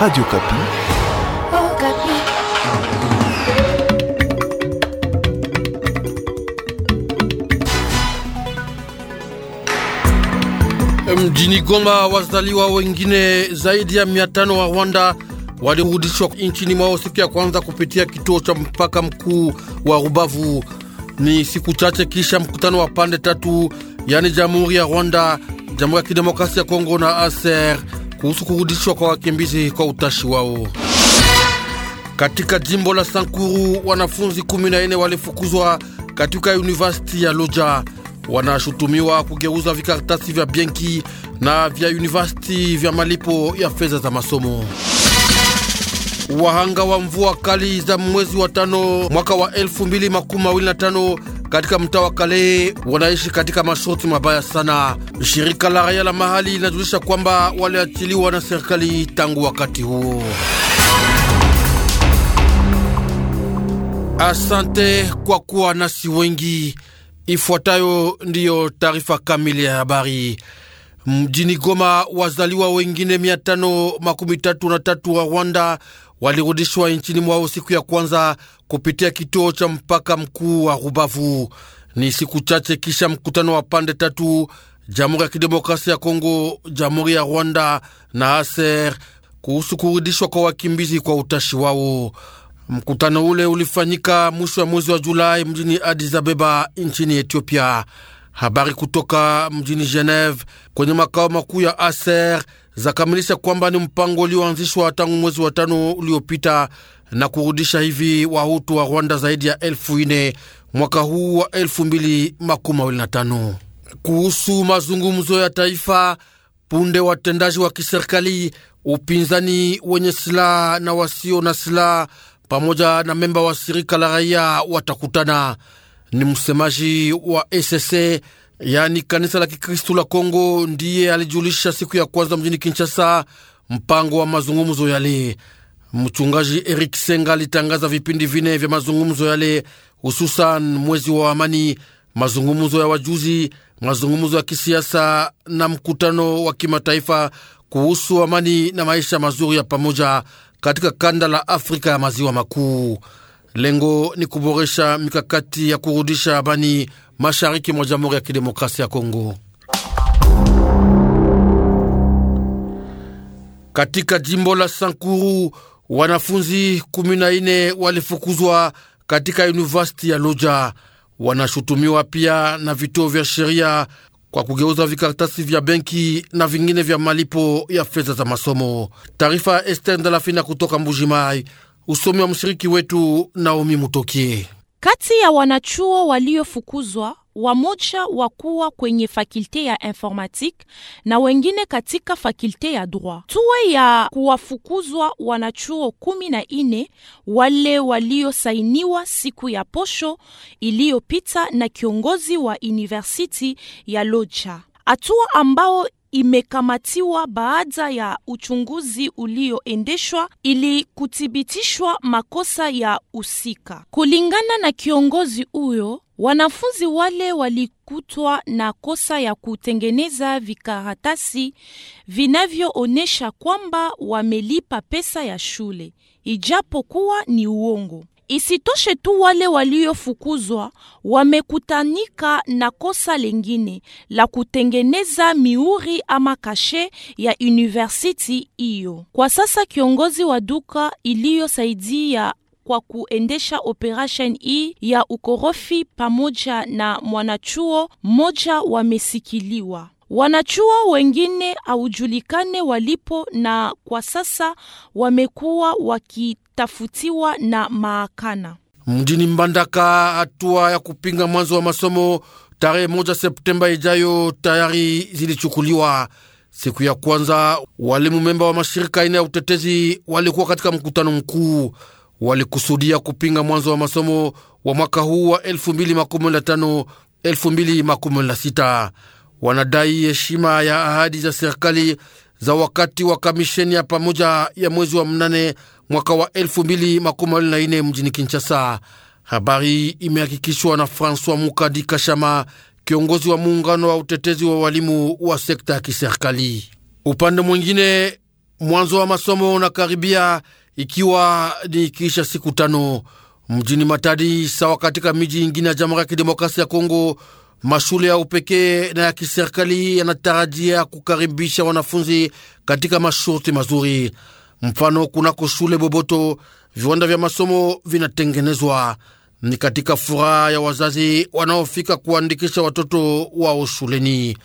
Radio Kapi. Oh, Kapi. Mjini Goma wazaliwa wengine zaidi ya 500 wa Rwanda walirudishwa nchini mwao siku ya kwanza kupitia kituo cha mpaka mkuu wa Rubavu. Ni siku chache kisha mkutano wa pande tatu, yani Jamhuri ya Rwanda, Jamhuri ya Kidemokrasia ya Kongo na ASER kuhusu kurudishwa kwa wakimbizi kwa utashi wao. Katika jimbo la Sankuru, wanafunzi 14 walifukuzwa katika univesiti ya Loja. Wanashutumiwa kugeuza vikaratasi vya benki na vya universiti vya malipo ya fedha za masomo. Wahanga wa mvua kali za mwezi wa tano mwaka wa 2025 katika mtaa wa Kale wanaishi katika masharti mabaya sana. Shirika la raia la mahali linajulisha kwamba waliachiliwa na serikali tangu wakati huo. Asante kwa kuwa nasi wengi. Ifuatayo ndiyo taarifa kamili ya habari. Mjini Goma wazaliwa wengine mia tano makumi tatu na tatu wa Rwanda walirudishwa nchini mwao siku ya kwanza kupitia kituo cha mpaka mkuu wa Rubavu. Ni siku chache kisha mkutano wa pande tatu, Jamhuri ya Kidemokrasia ya Kongo, Jamhuri ya Rwanda na ASER kuhusu kurudishwa kwa wakimbizi kwa utashi wao. Mkutano ule ulifanyika mwisho wa mwezi wa Julai mjini Adis Abeba nchini Ethiopia. Habari kutoka mjini Geneve kwenye makao makuu ya ASER zakamilisha kwamba ni mpango ulioanzishwa tangu mwezi wa tano uliopita na kurudisha hivi wahutu wa Rwanda zaidi ya elfu ine mwaka huu wa elfu mbili makumi mawili na tano. Kuhusu mazungumzo ya taifa punde, watendaji wa kiserikali, upinzani wenye silaha na wasio na silaha, pamoja na memba wa shirika la raia watakutana ni msemaji wa ESC yaani kanisa la Kikristu la Kongo, ndiye alijulisha siku ya kwanza mjini Kinshasa mpango wa mazungumzo yale. Mchungaji Eric Senga alitangaza vipindi vine vya mazungumzo yale, hususan mwezi wa amani, mazungumzo ya wajuzi, mazungumzo ya kisiasa na mkutano wa kimataifa kuhusu amani na maisha mazuri ya pamoja katika kanda la Afrika ya maziwa makuu. Lengo ni kuboresha mikakati ya kurudisha amani mashariki mwa Jamhuri ya Kidemokrasia ya Kongo. Katika jimbo la Sankuru wanafunzi kumi na nne walifukuzwa katika university ya Loja. Wanashutumiwa pia na vituo vya sheria kwa kugeuza vikaratasi vya benki na vingine vya malipo ya fedha za masomo. Taarifa ester Ndalafina kutoka Mbujimai Usomi wa mshiriki wetu Naomi Mutokie. Kati ya wanachuo waliofukuzwa wamoja wakuwa kwenye fakulte ya informatique na wengine katika fakulte ya droit. Tuwe ya kuwafukuzwa wanachuo kumi na ine wale waliosainiwa siku ya posho iliyopita na kiongozi wa university ya Loja, hatua ambao imekamatiwa baada ya uchunguzi ulioendeshwa ili kuthibitishwa makosa ya usika. Kulingana na kiongozi huyo, wanafunzi wale walikutwa na kosa ya kutengeneza vikaratasi vinavyoonyesha kwamba wamelipa pesa ya shule ijapokuwa ni uongo. Isitoshe tu wale waliofukuzwa wamekutanika na kosa lingine la kutengeneza miuri ama kashe ya universiti hiyo. Kwa sasa kiongozi wa duka iliyosaidia kwa kuendesha operation hii ya ukorofi pamoja na mwanachuo mmoja wamesikiliwa. Wanachuo wengine haujulikane walipo na kwa sasa wamekuwa waki watafutiwa na maakana Mjini Mbandaka, hatua ya kupinga mwanzo wa masomo tarehe moja Septemba ijayo tayari zilichukuliwa. Siku ya kwanza walimu memba wa mashirika ine ya utetezi walikuwa katika mkutano mkuu, walikusudia kupinga mwanzo wa masomo wa mwaka huu wa 2025 Wanadai heshima ya ahadi za serikali za wakati wa kamisheni ya pamoja ya mwezi wa mnane mwaka wa 2024 mjini Kinshasa. Habari imehakikishwa na François Mukadi Kashama, kiongozi wa muungano wa utetezi wa walimu wa sekta ya kiserikali. Upande mwingine, mwanzo wa masomo unakaribia ikiwa ni kisha siku tano mjini Matadi, sawa katika miji ingine ya Jamhuri ya Kidemokrasia ya Kongo. Mashule ya upekee na ya kiserikali yanatarajia kukaribisha wanafunzi katika masharti mazuri. Mfano, kunako shule Boboto viwanda vya masomo vinatengenezwa. Ni katika furaha ya wazazi wanaofika kuandikisha watoto wao shuleni.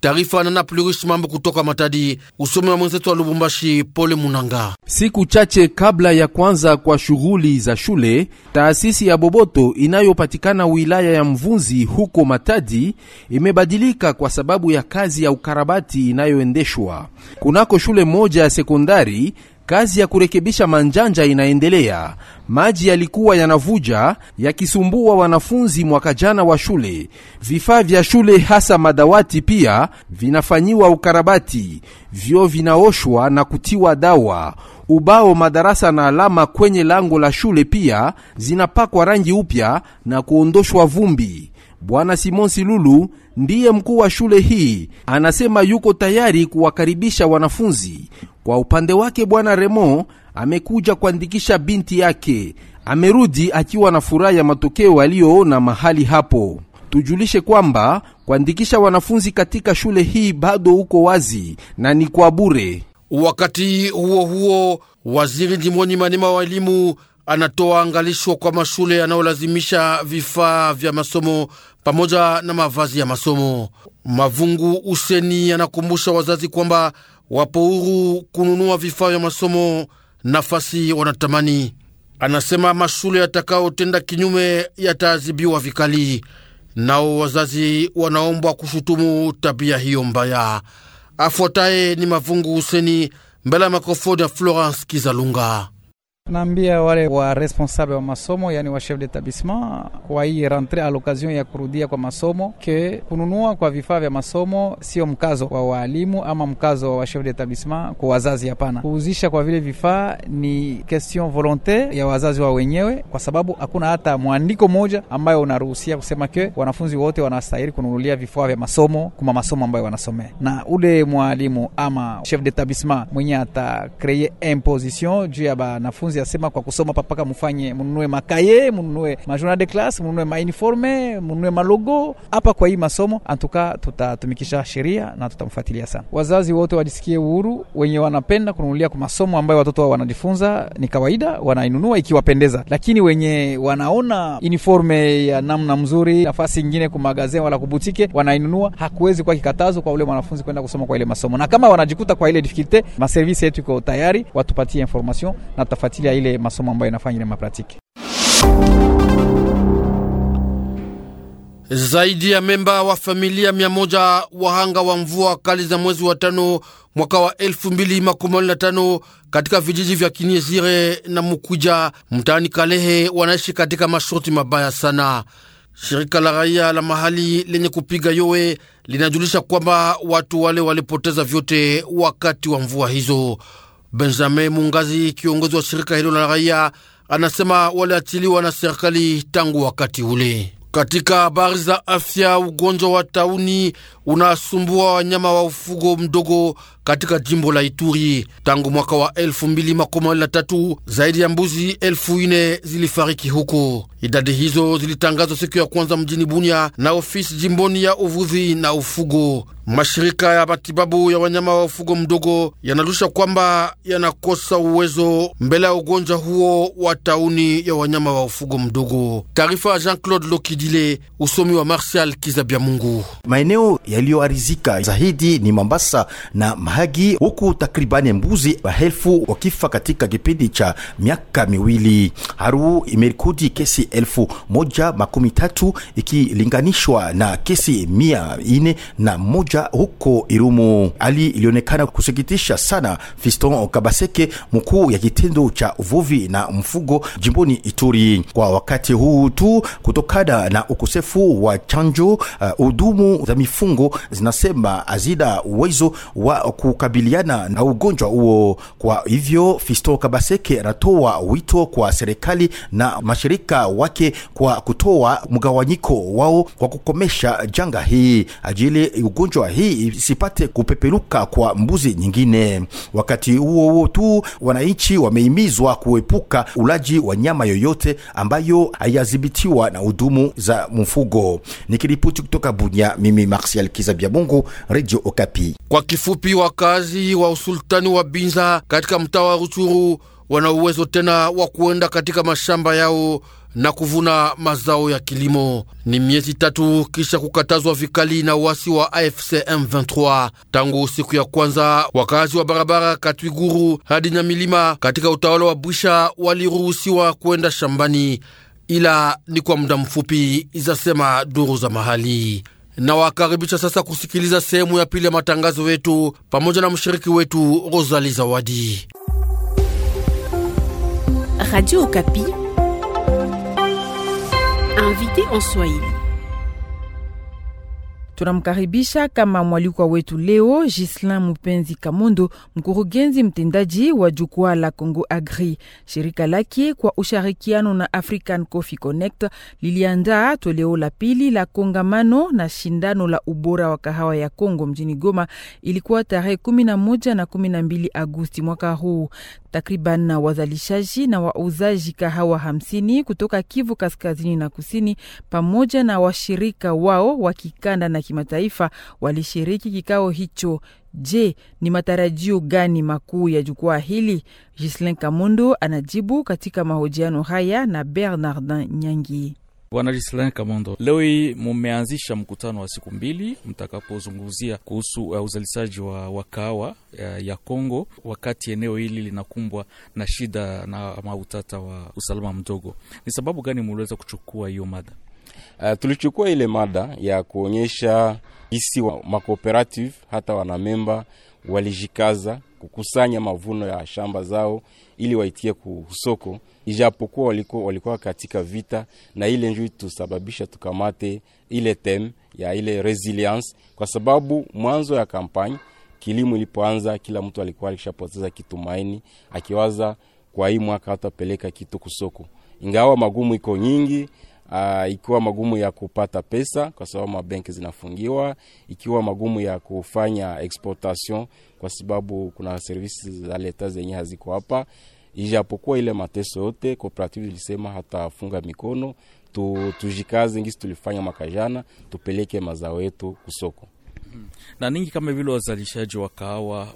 Taarifa na naplurish mambo kutoka Matadi, usome wa mwenzetu wa Lubumbashi, Pole Munanga. Siku chache kabla ya kwanza kwa shughuli za shule, taasisi ya Boboto inayopatikana wilaya ya Mvunzi huko Matadi imebadilika kwa sababu ya kazi ya ukarabati inayoendeshwa kunako shule moja ya sekondari kazi ya kurekebisha manjanja inaendelea. Maji yalikuwa yanavuja yakisumbua wanafunzi mwaka jana wa shule. Vifaa vya shule hasa madawati pia vinafanyiwa ukarabati, vyo vinaoshwa na kutiwa dawa. Ubao, madarasa na alama kwenye lango la shule pia zinapakwa rangi upya na kuondoshwa vumbi. Bwana Simon Silulu ndiye mkuu wa shule hii, anasema yuko tayari kuwakaribisha wanafunzi kwa upande wake, bwana Remo amekuja kuandikisha binti yake, amerudi akiwa na furaha ya matokeo aliyoona mahali hapo. Tujulishe kwamba kuandikisha wanafunzi katika shule hii bado uko wazi na ni kwa bure. Wakati huo huo, waziri Jimoni Manema wa elimu anatoa angalisho kwa mashule yanayolazimisha vifaa vya masomo pamoja na mavazi ya masomo. Mavungu Useni anakumbusha wazazi kwamba wapo huru kununua vifaa vya masomo nafasi wanatamani. Anasema mashule yatakaotenda kinyume yataadhibiwa vikali, nao wazazi wanaombwa kushutumu tabia hiyo mbaya. Afuataye ni Mavungu Huseni mbele ya makofoni ya Florence Kizalunga. Naambia wale wa responsable wa masomo, yani wa chef d'établissement wa hii rentre à l'occasion ya kurudia kwa masomo, ke kununua kwa vifaa vya masomo sio mkazo wa waalimu ama mkazo wa chef d'établissement kwa wazazi, hapana. Kuuzisha kwa vile vifaa ni question volonte ya wazazi wa wenyewe, kwa sababu hakuna hata mwandiko moja ambayo unaruhusia kusema ke wanafunzi wote wanastahili kununulia vifaa vya masomo kuma masomo ambayo wanasomea, na ule mwalimu ama chef d'établissement mwenye ata créer imposition juu ya banafunzi kazi asema kwa kusoma papaka mufanye mununue makaye mununue majournal de classe mununue mauniforme mununue malogo hapa kwa hii masomo antuka tutatumikisha sheria na tutamfuatilia sana wazazi wote wajisikie uhuru wenye wanapenda kununulia kwa masomo ambayo watoto wao wanajifunza ni kawaida wanainunua ikiwapendeza lakini wenye wanaona uniforme ya namna mzuri nafasi ingine kumagazin wala kubutike wanainunua hakuwezi kuwa kikatazo kwa ule mwanafunzi kwenda kusoma kwa ile masomo na kama wanajikuta kwa ile difficulte maservisi yetu iko tayari watupatie information na tutafuatilia ya ile masomo ambayo inafanya ile mapratiki. Zaidi ya memba wa familia mia moja wahanga wa mvua kali za mwezi wa tano mwaka wa elfu mbili makumi na tano katika vijiji vya Kinyesire na Mukuja mtaani Kalehe wanaishi katika masharti mabaya sana. Shirika la raia la mahali lenye kupiga yowe linajulisha kwamba watu wale walipoteza vyote wakati wa mvua hizo. Benjamin Mungazi, kiongozi wa shirika hilo la raia, anasema waliachiliwa na serikali tangu wakati ule. Katika habari za afya, ugonjwa wa tauni unasumbua wanyama wa ufugo mdogo katika jimbo la Ituri. Tangu mwaka wa 2023 zaidi ya mbuzi 4000 zilifariki huko. Idadi hizo zilitangazwa siku ya kwanza mjini Bunia na ofisi jimboni ya uvuzi na ufugo. Mashirika ya matibabu ya wanyama wa ufugo mdogo yanarusha kwamba yanakosa uwezo mbele ya ugonjwa huo wa tauni ya wanyama wa ufugo mdogo. Taarifa ya Jean-Claude Lokidile, usomi wa Martial Kizabya Mungu. Maeneo yaliyoarizika zaidi ni Mambasa na Mahagi, huku takribani mbuzi elfu wakifa katika kipindi cha miaka miwili. Haru imerekodi kesi elfu moja makumi tatu ikilinganishwa na kesi mia ine na moja huko Irumu. Hali ilionekana kusikitisha sana. Fiston Kabaseke, mkuu ya kitendo cha uvuvi na mfugo jimboni Ituri, kwa wakati huu tu, kutokana na ukosefu wa chanjo, hudumu uh, za mifungo zinasema hazina uwezo wa ku kukabiliana na ugonjwa huo. Kwa hivyo, Fisto Kabaseke anatoa wito kwa serikali na mashirika wake kwa kutoa mgawanyiko wao kwa kukomesha janga hii, ajili ugonjwa hii isipate kupepeluka kwa mbuzi nyingine. Wakati huo huo tu, wananchi wamehimizwa kuepuka ulaji wa nyama yoyote ambayo hayadhibitiwa na hudumu za mfugo. Nikiripoti kutoka Bunya, mimi Martial Kizabia Mungu, Radio Okapi. Kwa kifupi wa wakazi wa usultani wa Binza katika mtaa wa Ruchuru wana uwezo tena wa kuenda katika mashamba yao na kuvuna mazao ya kilimo. Ni miezi tatu kisha kukatazwa vikali na wasi wa AFC M23 tangu siku ya kwanza. Wakazi wa barabara Katwiguru hadi milima katika utawala wa Bwisha waliruhusiwa kwenda shambani, ila ni kwa muda mfupi, izasema duru za mahali na wakaribisha sasa kusikiliza sehemu ya pili ya matangazo yetu pamoja na mshiriki wetu Rosali Zawadi. Radio Okapi invité en Swahili Tunamkaribisha kama mwalikwa wetu leo Gislin Mupenzi Kamondo, mkurugenzi mtendaji wa jukwaa la Congo Agri. Shirika lake kwa ushirikiano na African Coffee Connect liliandaa toleo la pili la kongamano na shindano la ubora wa kahawa ya Congo mjini Goma, ilikuwa tarehe 11 na 12 Agosti mwaka huu. Takriban wazalishaji na wauzaji kahawa hamsini kutoka Kivu kaskazini na kusini pamoja na washirika wao wa kikanda na kimataifa walishiriki kikao hicho. Je, ni matarajio gani makuu ya jukwaa hili? Gislin Kamundu anajibu katika mahojiano haya na Bernardin Nyangi. Bwana Gislain Kamondo, leo hii mumeanzisha mkutano wa siku mbili mtakapozungumzia kuhusu uh, uzalishaji wa, wakawa uh, ya Kongo wakati eneo hili linakumbwa na shida na mautata wa usalama mdogo. Ni sababu gani muliweza kuchukua hiyo mada? Uh, tulichukua ile mada ya kuonyesha isi wa makooperative hata wanamemba walijikaza kukusanya mavuno ya shamba zao ili waitie kusoko, ijapokuwa walikuwa, walikuwa katika vita na ile njui tusababisha tukamate ile tem ya ile resilience, kwa sababu mwanzo ya kampani kilimo ilipoanza, kila mtu alikuwa alishapoteza kitumaini akiwaza kwa hii mwaka hatapeleka kitu kusoko, ingawa magumu iko nyingi Uh, ikiwa magumu ya kupata pesa kwa sababu mabenki zinafungiwa, ikiwa magumu ya kufanya exportation kwa sababu kuna servisi za leta zenye haziko hapa. Ijapokuwa ile mateso yote, kooperative ilisema hatafunga mikono tu, tujikaze ngisi tulifanya mwaka jana, tupeleke mazao yetu kusoko. Na ninyi kama vile wazalishaji wa kahawa,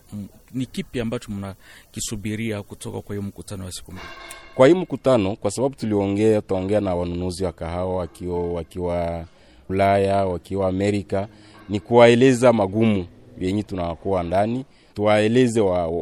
ni kipi ambacho mnakisubiria kutoka kwa hiyo mkutano wa siku mbili? Kwa hii mkutano, kwa sababu tuliongea, tutaongea na wanunuzi wa kahawa wakiwa, wakiwa Ulaya, wakiwa Amerika, ni kuwaeleza magumu yenye tunakuwa ndani, tuwaeleze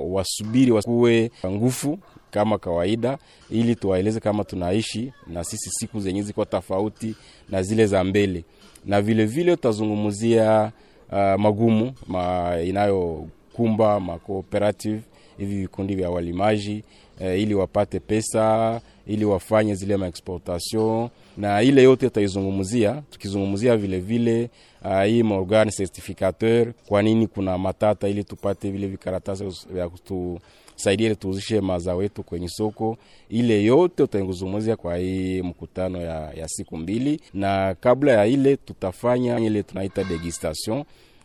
wasubiri wa, wa wakuwe nguvu kama kawaida, ili tuwaeleze kama tunaishi na sisi siku zenye ziko tofauti na zile za mbele, na vilevile tutazungumzia vile uh, magumu ma inayokumba macooperative hivi vikundi vya walimaji uh, ili wapate pesa ili wafanye zile maexportation na ile yote tutaizungumzia, tukizungumzia vilevile uh, ah, hii maorgane certificateur, kwa nini kuna matata, ili tupate vile vikaratasi vya kutu tusaidie ili tuuzishe mazao yetu kwenye soko. Ile yote tutanguzumuzia kwa hii mkutano ya, ya siku mbili, na kabla ya ile tutafanya ile tunaita degustation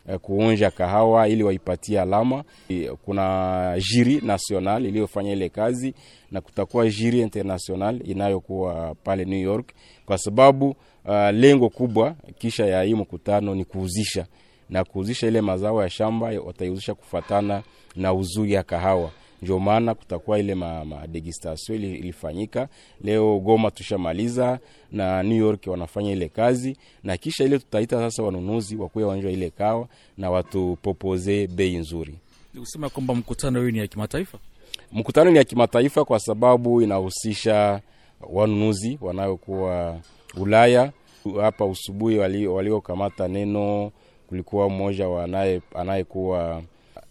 eh, kuonja kahawa ili waipatie alama. Kuna jiri national iliyofanya ile kazi na kutakuwa jiri international inayokuwa pale New York, kwa sababu uh, lengo kubwa kisha ya hii mkutano ni kuuzisha na kuuzisha ile mazao ya shamba wataiuzisha kufatana na uzuri ya kahawa ndio maana kutakuwa ile madegistation ma ilifanyika leo Goma, tushamaliza na New York wanafanya ile kazi, na kisha ile tutaita sasa wanunuzi wakuya wanja ile kawa na watupopoze bei nzuri. Ni kwamba mkutano huu ni ya kimataifa, mkutano ni ya kimataifa kwa sababu inahusisha wanunuzi wanayokuwa Ulaya. Hapa usubuhi waliokamata wali neno, kulikuwa mmoja anayekuwa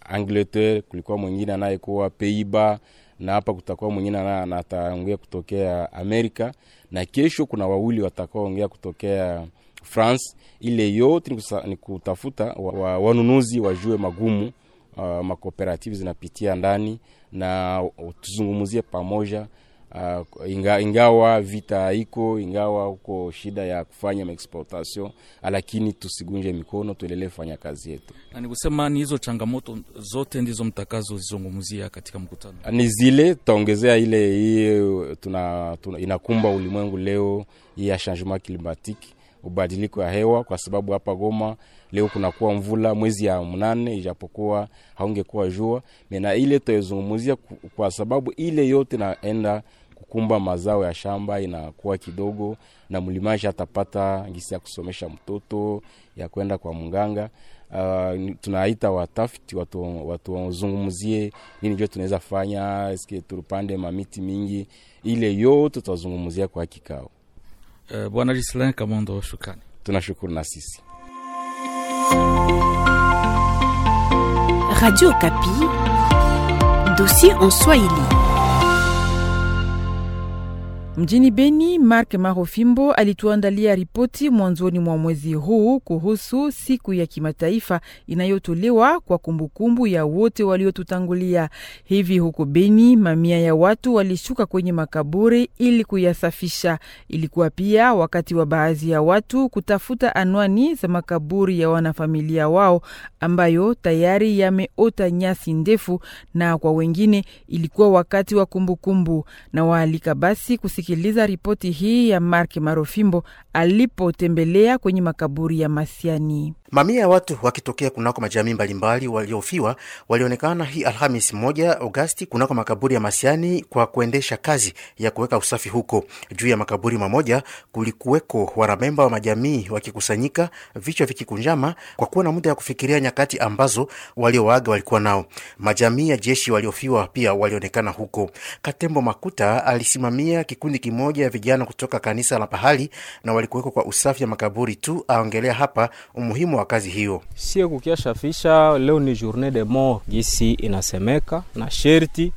Angleterre, kulikuwa mwingine anayekuwa Peiba na hapa kutakuwa mwingine ataongea kutokea Amerika, na kesho kuna wawili watakaoongea kutokea France. Ile yote ni kutafuta wa, wanunuzi wajue magumu uh, makooperative zinapitia ndani na tuzungumuzie pamoja Uh, inga, ingawa vita iko ingawa uko shida ya kufanya maexportation, lakini tusigunje mikono, tuendelee kufanya kazi yetu. Na ni kusema ni hizo changamoto zote ndizo mtakazo zizungumzia katika mkutano, ni zile tutaongezea ile hii tuna, tuna, inakumba ulimwengu leo hii ya changement climatique ubadiliko ya hewa, kwa sababu hapa Goma leo kunakuwa mvula mwezi ya mnane, ijapokuwa haungekuwa jua mena ile tutazungumzia, kwa sababu ile yote naenda kukumba mazao ya shamba inakuwa kidogo, na mlimaji atapata ngisi ya kusomesha mtoto ya kwenda kwa mganga. Uh, tunaita watafiti watu watu nini jo tunaweza fanya, eske turupande mamiti mingi, ile yote tutazungumzia kwa kikao. Uh, Bwana Gislain Kamondo, shukrani. Tunashukuru na sisi Radio Kapi, dossier en Swahili. Mjini Beni, Mark Marofimbo alituandalia ripoti mwanzoni mwa mwezi huu kuhusu siku ya kimataifa inayotolewa kwa kumbukumbu ya wote waliotutangulia. Hivi huko Beni, mamia ya watu walishuka kwenye makaburi ili kuyasafisha. Ilikuwa pia wakati wa baadhi ya watu kutafuta anwani za makaburi ya wanafamilia wao ambayo tayari yameota nyasi ndefu, na kwa wengine ilikuwa wakati wa kumbukumbu. Na waalika basi kusikiliza ripoti hii ya Mark Marofimbo alipotembelea kwenye makaburi ya Masiani. Mamia ya watu wakitokea kunako majamii mbalimbali waliofiwa walionekana hii Alhamis moja Agosti kunako makaburi ya Masiani kwa kuendesha kazi ya kuweka usafi huko. Juu ya makaburi mamoja kulikuweko wanamemba wa majamii wakikusanyika, vichwa vikikunjama kwa kuwa na muda ya kufikiria nyakati ambazo waliowaaga walikuwa nao. Majamii ya jeshi waliofiwa pia walionekana huko. Katembo Makuta alisimamia kikundi kimoja ya vijana kutoka kanisa la pahali na walikuweko kwa usafi ya makaburi tu. Aongelea hapa umuhimu wa kazi hiyo. Sio kukiashafisha leo ni journée de mort gisi inasemeka, na sherti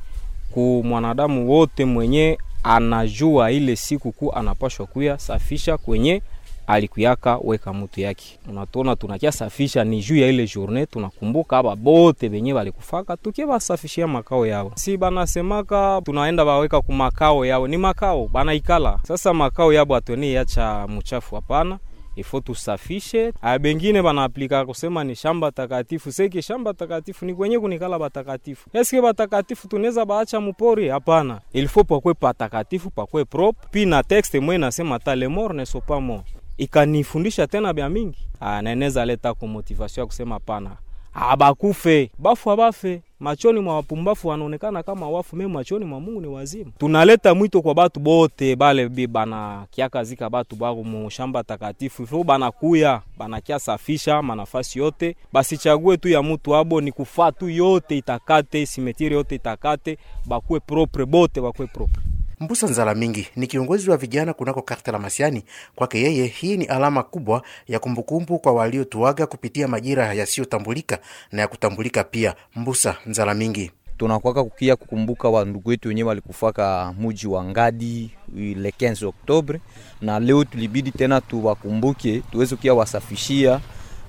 ku mwanadamu wote mwenye anajua ile siku kuu anapashwa kuya safisha kwenye alikuyaka weka mutu yake. Unatona tunakia safisha ni juu ya ile journée, tunakumbuka aba bote benye balikufaka tukibasafishia makao yao. Si banasemaka tunaenda baweka ku makao yao, ni makao banaikala sasa, makao yabo atoni yacha muchafu, hapana ifo tusafishe. Abengine ah, banaaplika kusema ni shamba takatifu, seki shamba takatifu ni kwenye kunikala batakatifu. Eske batakatifu tunaweza baacha mupori? Hapana, ilifo pakwe patakatifu, pakwe propre. Pi na texte mwe nasema tale mort ne soit pas mort, ikanifundisha tena bya mingi, ah, neneza leta ku ya kusema pana abakufe ah, bafu abafe machoni mwa wapumbafu wanaonekana kama wafu, me machoni mwa Mungu ni wazimu. Tunaleta mwito kwa batu bote bale bi bana kiakazika batu bako mushamba takatifu ifo banakuya banakia safisha manafasi yote, basichague tu ya mtu abo, ni kufaa tu yote itakate, simetiri yote itakate, bakue propre bote, bakue propre Mbusa Nzala Mingi ni kiongozi wa vijana kunako karta la Masiani. Kwake yeye, hii ni alama kubwa ya kumbukumbu kwa waliotuaga kupitia majira yasiyotambulika na ya kutambulika pia. Mbusa Nzala Mingi tunakwaka kukia kukumbuka wandugu wetu wenyewe walikufaka muji wa Ngadi le 15 Oktobre, na leo tulibidi tena tuwakumbuke tuweze kia wasafishia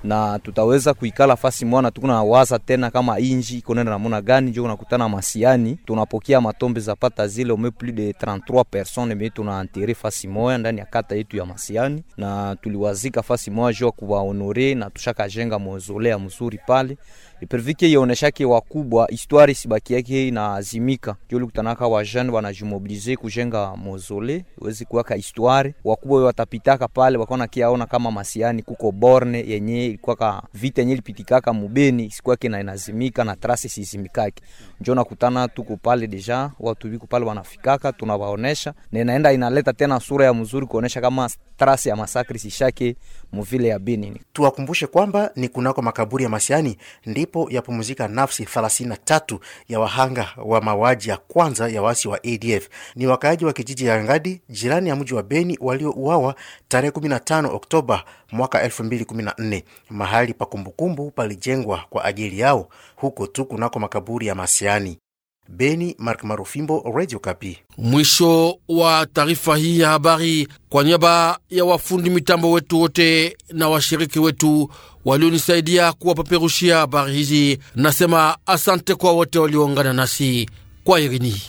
na tutaweza kuikala fasi mwana tukuna waza tena kama inji iko konenda namuna gani njo kunakutana masiani tunapokea matombe za pata zile ume plus de 33 personnes mais tuna tunaantere fasi moya ndani ya kata yetu ya masiani na tuliwazika fasi moya jo kuwa kuwaonore na tushaka jenga mozolea mzuri pale ipervike ki wakubwa histoire sibaki yake na azimika jo inaazimika joli kutanaka wajane wanajimobilize kujenga mozole wezi kuwa ka histoire wakubwa watapitaka pale wakona kiaona kama masiani kuko borne yenye ilikuwa vita yenye ilipitikaka mubeni sikuwa kina inazimika na trasi sizimikake, njo nakutana tuko pale deja, watu viko pale wanafikaka, tunawaonesha na inaenda inaleta tena sura ya mzuri kuonesha kama trasi ya masakri sishake muvile ya Beni. Tuwakumbushe kwamba ni kunako makaburi ya Masiani ndipo yapumzika nafsi 33 ya wahanga wa mauaji ya kwanza ya waasi wa ADF. Ni wakaaji wa kijiji ya Ngadi jirani ya mji wa Beni waliouawa tarehe 15 Oktoba mwaka 2014. Mahali pa kumbukumbu palijengwa kwa ajili yao huko tu kunako makaburi ya Masiani. Beni, Mark Marufimbo, Radio Kapi. Mwisho wa taarifa hii ya habari, kwa niaba ya wafundi mitambo wetu wote na washiriki wetu walionisaidia kuwapeperushia habari hizi, nasema asante kwa wote walioungana nasi kwa irini.